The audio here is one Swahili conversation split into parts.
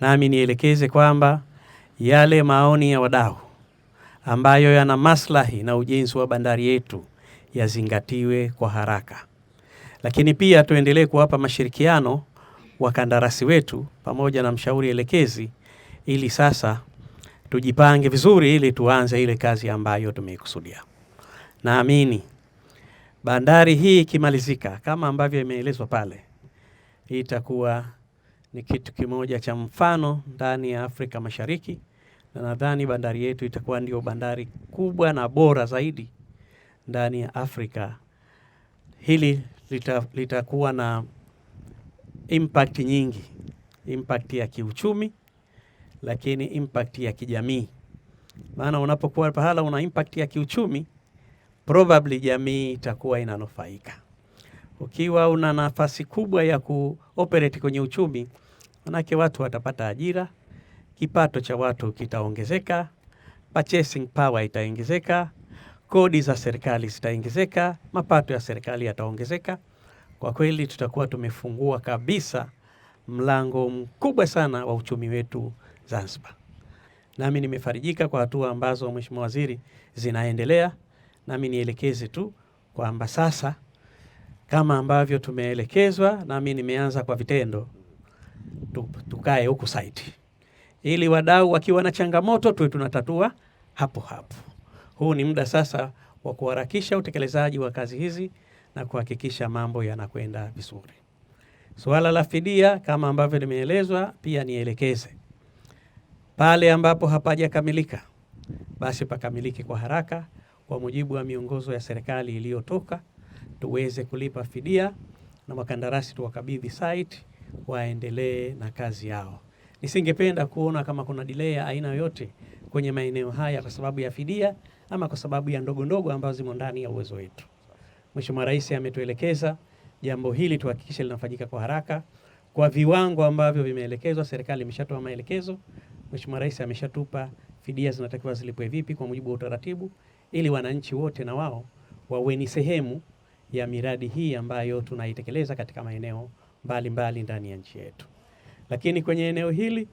nami nielekeze kwamba yale maoni ya wadau ambayo yana maslahi na ujenzi wa bandari yetu yazingatiwe kwa haraka, lakini pia tuendelee kuwapa mashirikiano wakandarasi wetu pamoja na mshauri elekezi, ili sasa tujipange vizuri, ili tuanze ile kazi ambayo tumeikusudia. Naamini bandari hii ikimalizika kama ambavyo imeelezwa pale itakuwa ni kitu kimoja cha mfano ndani ya Afrika Mashariki, na nadhani bandari yetu itakuwa ndio bandari kubwa na bora zaidi ndani ya Afrika. Hili litakuwa lita na impact nyingi, impact ya kiuchumi, lakini impact ya kijamii. Maana unapokuwa pahala una impact ya kiuchumi, probably jamii itakuwa inanufaika. Ukiwa una nafasi kubwa ya kuoperate kwenye uchumi Manake watu watapata ajira, kipato cha watu kitaongezeka, purchasing power itaongezeka, kodi za serikali zitaongezeka, mapato ya serikali yataongezeka. Kwa kweli tutakuwa tumefungua kabisa mlango mkubwa sana wa uchumi wetu Zanzibar. Nami nimefarijika kwa hatua ambazo Mheshimiwa Waziri zinaendelea, nami nielekeze tu kwamba sasa kama ambavyo tumeelekezwa, nami nimeanza kwa vitendo tukae huku saiti, ili wadau wakiwa na changamoto tuwe tunatatua hapo hapo. Huu ni muda sasa wa kuharakisha utekelezaji wa kazi hizi na kuhakikisha mambo yanakwenda vizuri. Suala la fidia kama ambavyo limeelezwa, pia nielekeze pale ambapo hapajakamilika basi pakamilike kwa haraka kwa mujibu wa miongozo ya serikali iliyotoka, tuweze kulipa fidia na wakandarasi tuwakabidhi site waendelee na kazi yao. Nisingependa kuona kama kuna delay ya aina yoyote kwenye maeneo haya kwa sababu ya fidia ama kwa sababu ya ndogo ndogo ambazo zimo ndani ya uwezo wetu. Mheshimiwa Rais ametuelekeza jambo hili tuhakikishe linafanyika kwa haraka kwa viwango ambavyo vimeelekezwa. Serikali imeshatoa maelekezo, Mheshimiwa Rais ameshatupa fidia zinatakiwa zilipwe vipi kwa mujibu wa utaratibu, ili wananchi wote na wao wawe ni sehemu ya miradi hii ambayo tunaitekeleza katika maeneo mbalimbali ndani ya nchi yetu. Lakini kwenye eneo hili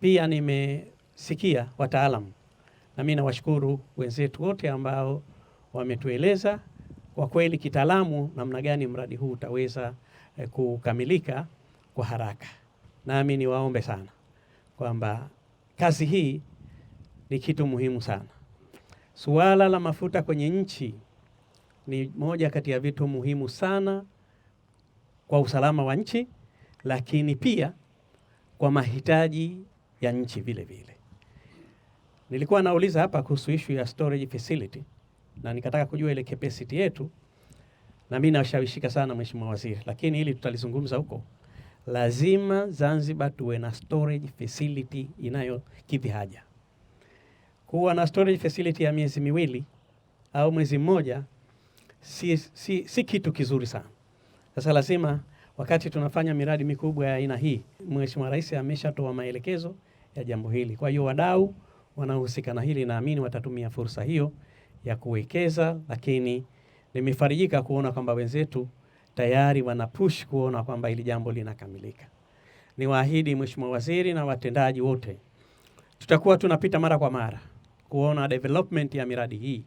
pia nimesikia wataalamu, na mimi nawashukuru wenzetu wote ambao wametueleza kwa kweli kitaalamu namna gani mradi huu utaweza eh, kukamilika kwa haraka. Nami niwaombe sana kwamba kazi hii ni kitu muhimu sana. Suala la mafuta kwenye nchi ni moja kati ya vitu muhimu sana kwa usalama wa nchi, lakini pia kwa mahitaji ya nchi vile vile. Nilikuwa nauliza hapa kuhusu issue ya storage facility na nikataka kujua ile capacity yetu, na mimi nashawishika sana Mheshimiwa Waziri, lakini ili tutalizungumza huko. Lazima Zanzibar tuwe na storage facility inayokidhi haja. Kuwa na storage facility ya miezi miwili au mwezi mmoja si, si, si kitu kizuri sana. Sasa lazima wakati tunafanya miradi mikubwa ya aina hii, Mheshimiwa Rais ameshatoa maelekezo ya jambo hili. Kwa hiyo wadau wanaohusika na hili naamini watatumia fursa hiyo ya kuwekeza, lakini nimefarijika kuona kwamba wenzetu tayari wana push kuona kwamba hili jambo linakamilika. Niwaahidi Mheshimiwa Waziri na watendaji wote, tutakuwa tunapita mara kwa mara kuona development ya miradi hii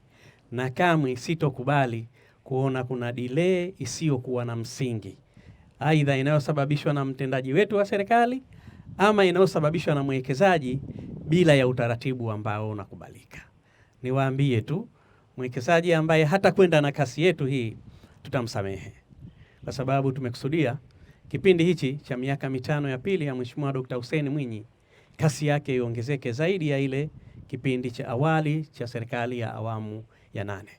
na kamwe sitokubali kuona kuna delay isiyokuwa na msingi, aidha inayosababishwa na mtendaji wetu wa serikali ama inayosababishwa na mwekezaji bila ya utaratibu ambao unakubalika. Niwaambie tu mwekezaji ambaye hata kwenda na kasi yetu hii tutamsamehe, kwa sababu tumekusudia kipindi hichi cha miaka mitano ya pili ya Mheshimiwa Dkt. Hussein Mwinyi kasi yake iongezeke zaidi ya ile kipindi cha awali cha serikali ya awamu ya nane.